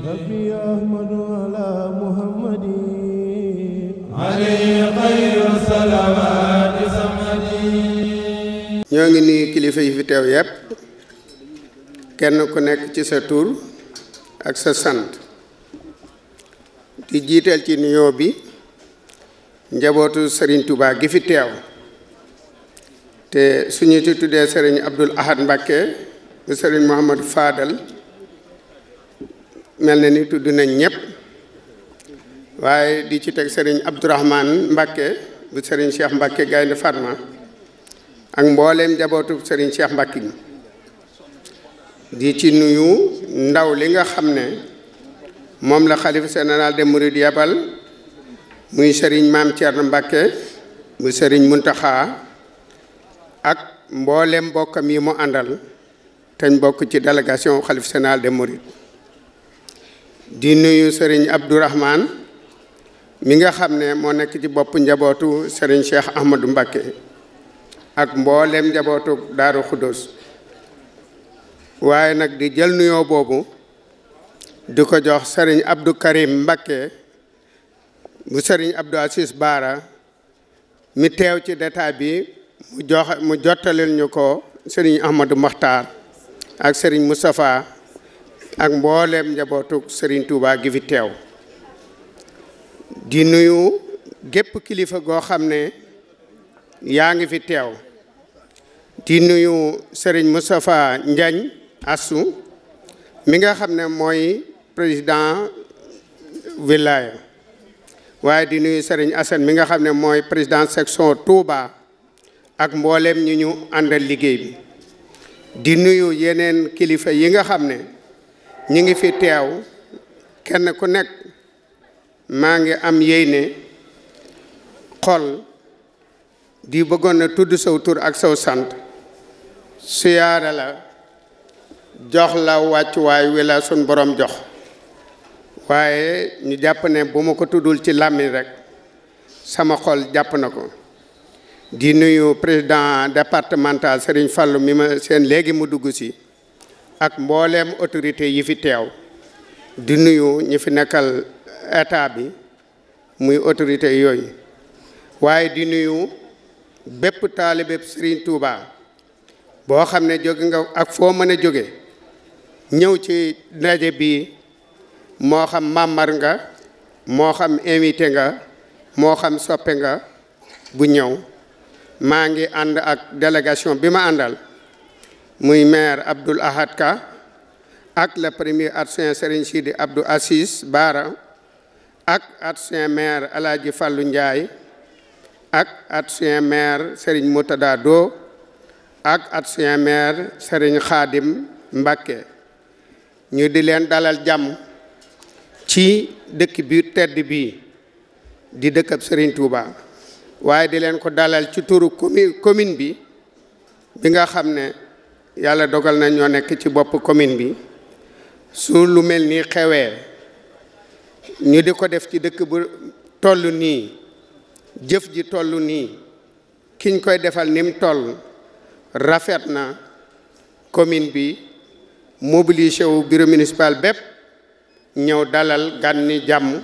ñoo ngi ni kilifa yi fi teew yépp kenn ku nekk ci sa tur ak sa sant di jiital ci nuyoo bi njabootu sëriñ tubaa gi fi teew te suñu ci tuddee sëriñ Abdoul Ahad Mbacké Serigne Mouhamadou Fadal mel na ni tudd nañ ñëpp waaye di ci teg sëriñ Abdourahman mbakke bu sëriñ Cheikh Mbacke Gaynde Fatma ak mbooleem njabootu sëriñ Cheikh Mbacke di ci nuyu ndaw li nga xam ne moom la xalifa général des mourides yabal muy sëriñ maam Thierno Mbacke bu sëriñ Muntaxa ak mbooleem mbokkam yi mu àndal te bokk ci délégation xalif général de mourides di nuyu sëriñ Abdourahman mi nga xam ne moo nekk ci bopp njabootu sëriñ Cheikh Ahmadou Mbacké ak mboolem njabootu Daaru Xuddoos waaye nag di jël nuyoo boobu di ko jox sëriñ Abdou Karim Mbacké bu sëriñ Abdou Assis Baara mi teew ci détail bi mu jox ñu ko sëriñ Ahmadou Makhtar ak sëriñ Moustapha ak mbooleem njabootu sëriñ Touba gi fi teew di nuyu gépp kilifa goo xam ne yaa ngi fi teew di nuyu sëriñ Moustapha njañ Assou mi nga xam ne mooy président wilaya waaye di nuyu Serigne Assane mi nga xam ne mooy président section Touba ak mbooleem ñi ñu àndal liggéey bi di nuyu yeneen kilifa yi nga xam ne ñu ngi fi teew kenn ku nekk maa ngi am yéene xol di bëggoon na tudd saw tur ak saw sant siyaare la jox la wàccuwaay wi la suñ boroom jox waaye ñu jàpp ne bu ma ko tuddul ci làmmiñ rek sama xol jàpp na ko di nuyu président départemental Serigne fàllu mi ma seen léegi mu dugg si ak mbooleem autorité yi fi teew di nuyu ñi fi nekkal état bi muy autorité yooyu waaye di nuyu bépp taalibe Serigne Touba boo xam ne jóge nga ak foo mën a jóge ñëw ci ndaje bi moo xam màmmar nga moo xam invité nga moo xam soppe nga bu ñëw maa ngi ànd ak délégation bi ma àndal muy maire Abdoul Ahad ak le premier adjoint Serigne Sidi Abdou Assis Baara ak adjoint maire Alaaji Fàllu Ndiaye ak adjoint maire Serigne Moutada ak adjoint maire Serigne Khadim Mbacké ñu di leen dalal jàmm ci dëkk bi tedd bi di dëkkab Serigne Touba waaye di leen ko dalal ci turu commune bi bi nga xam ne yàlla dogal na ñoo nekk ci bopp commune bi su lu mel nii xewee ñu di ko def ci dëkk bu toll nii jëf ji toll nii kiñ koy defal ni mu toll rafet na commune bi mobilisé wu bureau municipal bépp ñëw dalal gan ni jàmm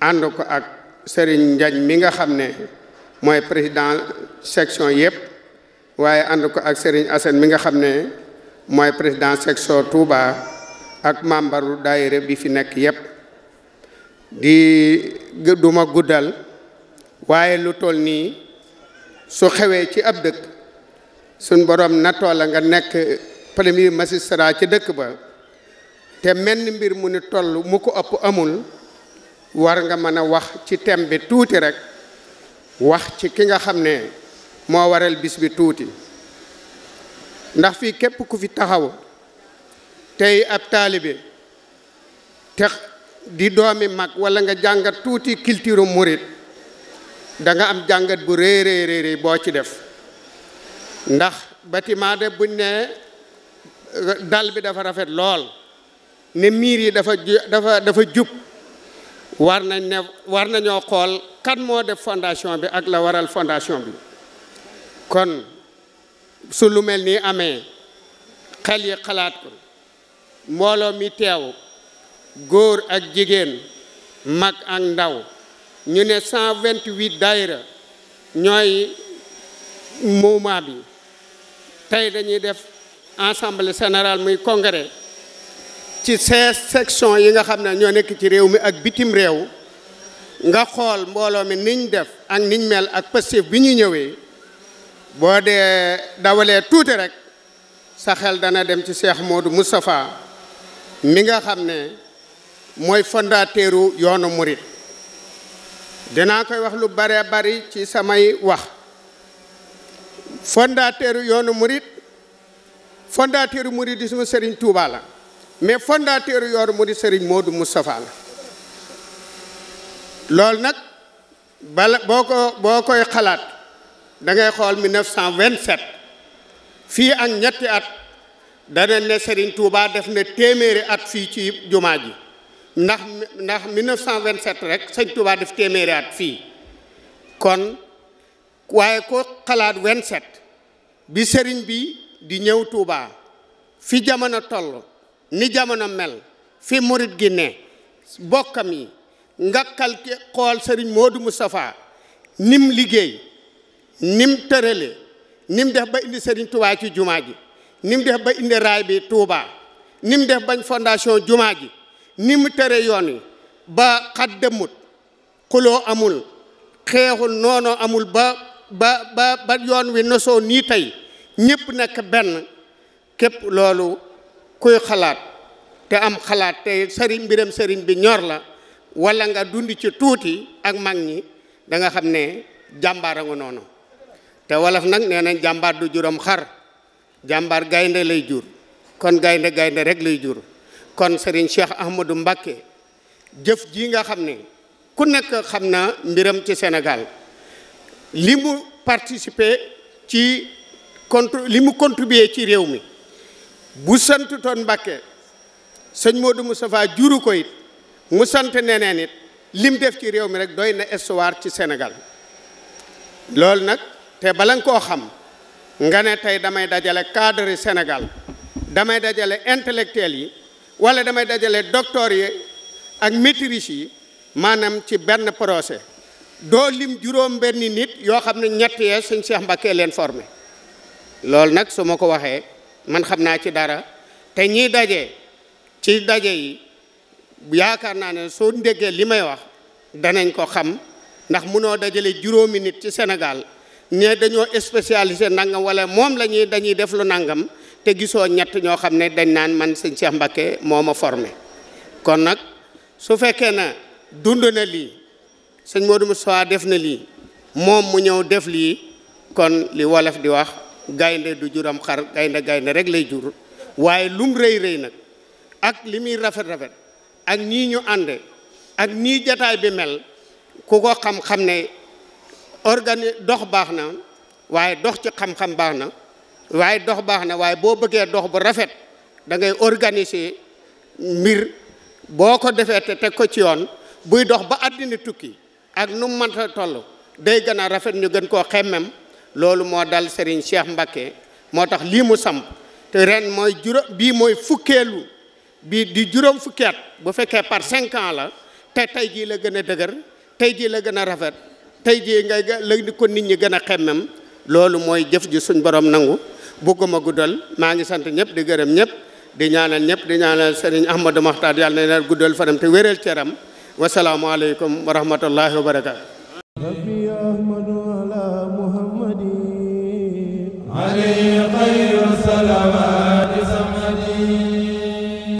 ànd ko ak sëriñ njañ mi nga xam ne mooy président section yëpp waaye ànd ko ak sëriñ Assane mi nga xam ne mooy président section Touba ak membaru daayira bi fi nekk yépp di duma guddal waaye lu toll nii su xewee ci ab dëkk suñ borom nattoo la nga nekk premier magistrat ci dëkk ba te menn mbir mu ne toll mu ko ëpp amul war nga mën a wax ci thème bi tuuti rek wax ci ki nga xam ne moo waral bis bi tuuti ndax fii képp ku fi taxaw tey ab taalibe te di doomi mag wala nga jàngat tuuti culture murit danga am jàngat bu rëy rëy boo ci def ndax bâtiment de buñ ne dal bi dafa rafet lool ne miir yi dafa dafa jub war nañ ne war nañoo xool kan moo def fondation bi ak la waral fondation bi kon su lu mel ni amee xel yi xalaat ko mbooloo mi teew góor ak jigéen mag ak ndaw ñu ne 128 daayira ñooy mouvement bi tey dañuy def assemblée générale muy congrès ci seize section yi nga xam ne ñoo nekk ci réew mi ak bitim réew nga xool mbooloo mi niñ def ak niñ mel ak Pastef bi ñu ñëwee boo dee dawalee tuuti rek sa xel dana dem ci Cheikh Modou Moustapha mi nga xam ne mooy fondateur yoonu murit dinaa koy wax lu bare bari ci samay wax fondateur yoonu murit fondateur u murit di suma Serigne Touba la mais fondateur yoonu murit Serigne Modou Moustapha la loolu nag bala boo ko boo koy xalaat da ngay xool 1927 fii ak ñetti at dana ne Serigne Touba def na téeméeri at fii ci jumaa ji ndax ndax 1927 rek sëñ Touba def téeméeri at fii kon waaye ko xalaat 27 bi sëriñ bi di ñëw Touba fi jamono toll ni jamono mel fi murit gi ne bokkam yi nga kalki xool Serigne Modou Moustapha nim liggéey nim mu tëralee ni mu def ba indi Serigne Touba ci jumaa ji ni mu def ba indi raay bi Touba ni mu def bañ fondation jumaa ji ni mu tëre yoon yi ba xat dëmmut xuloo amul xeexul noonoo amul ba ba ba ba yoon wi nosoo nii tey ñëpp nekk benn képp loolu kuy xalaat te am xalaat te sëriñ mbiram sëriñ bi ñor la walla nga dund ci tuuti ak mag ñi da nga xam ne jàmbaara nga noonu te wolof nag nee nañ jàmbaar du juram xar jàmbaar gaynde lay jur kon gaynde gaynde rek lay jur kon Serigne Cheikh Ahmadou Mbacké jëf ji nga xam ne ku nekk xam na mbiram ci Sénégal li mu participer ci contre li mu contribuer ci réew mi bu sant toon Mbacké sëñ Modou Moustapha juru ko it mu sant neneen it lim def ci réew mi rek doy na histoire ci Sénégal loolu nag te bala nga koo xam nga ne tey damay dajale cadre yi Sénégal damay dajale intellectuel yi wala damay dajale docteur yi ak maîtrise yi maanaam ci benn procès doo lim juróom benni nit yoo xam ne ñett yee suñ Seex Mbàkke leen formé loolu nag su ma ko waxee man xam naa ci dara te ñiy daje ci daje yi yaakaar naa ne soo déggee li may wax danañ ko xam ndax munoo dajale juróomi nit ci Sénégal ñee dañoo spécialisé nangam wala moom la ñuy dañuy def lu nangam te gisoo ñett ñoo xam ne dañ naan man sëñ Cheikh Mbacké moo ma formé kon nag su fekkee na dund na lii sëñ Modou Moustapha def na lii moom mu ñëw def lii kon li wolof di wax gaynde du juram xar gaynde gaynde rek lay jur waaye lum rëy rëy nag ak li muy rafet rafet ak nii ñu ànde ak nii jataay bi mel ku ko xam-xam ne organi dox baax na waaye dox ci xam-xam baax na waaye dox baax na waaye boo bëggee dox bu rafet da ngay organiser mbir boo ko defee te teg ko ci yoon buy dox ba àddina tukki ak nu mu mënta toll day gën a rafet ñu gën koo xemmem loolu moo dal Serigne Cheikh Mbacké moo tax lii mu samp te ren mooy juróom bii mooy fukkeelu bii di juróom fukkeet bu fekkee par cinq la te tey jii la gën a dëgër tey jii la gën a rafet tey jii ngay la ko nit ñi gën a xemmem loolu mooy jëf ju suñ borom nangu bugguma guddal maa ngi sant ñëpp di gërëm ñëpp di ñaanal ñëpp di ñaanal sëriñ Ahmadou Mahtar yàlla na leen guddal fanam te wéral ceram wasalaamualeykum wa rahmatullahi wa barakaatu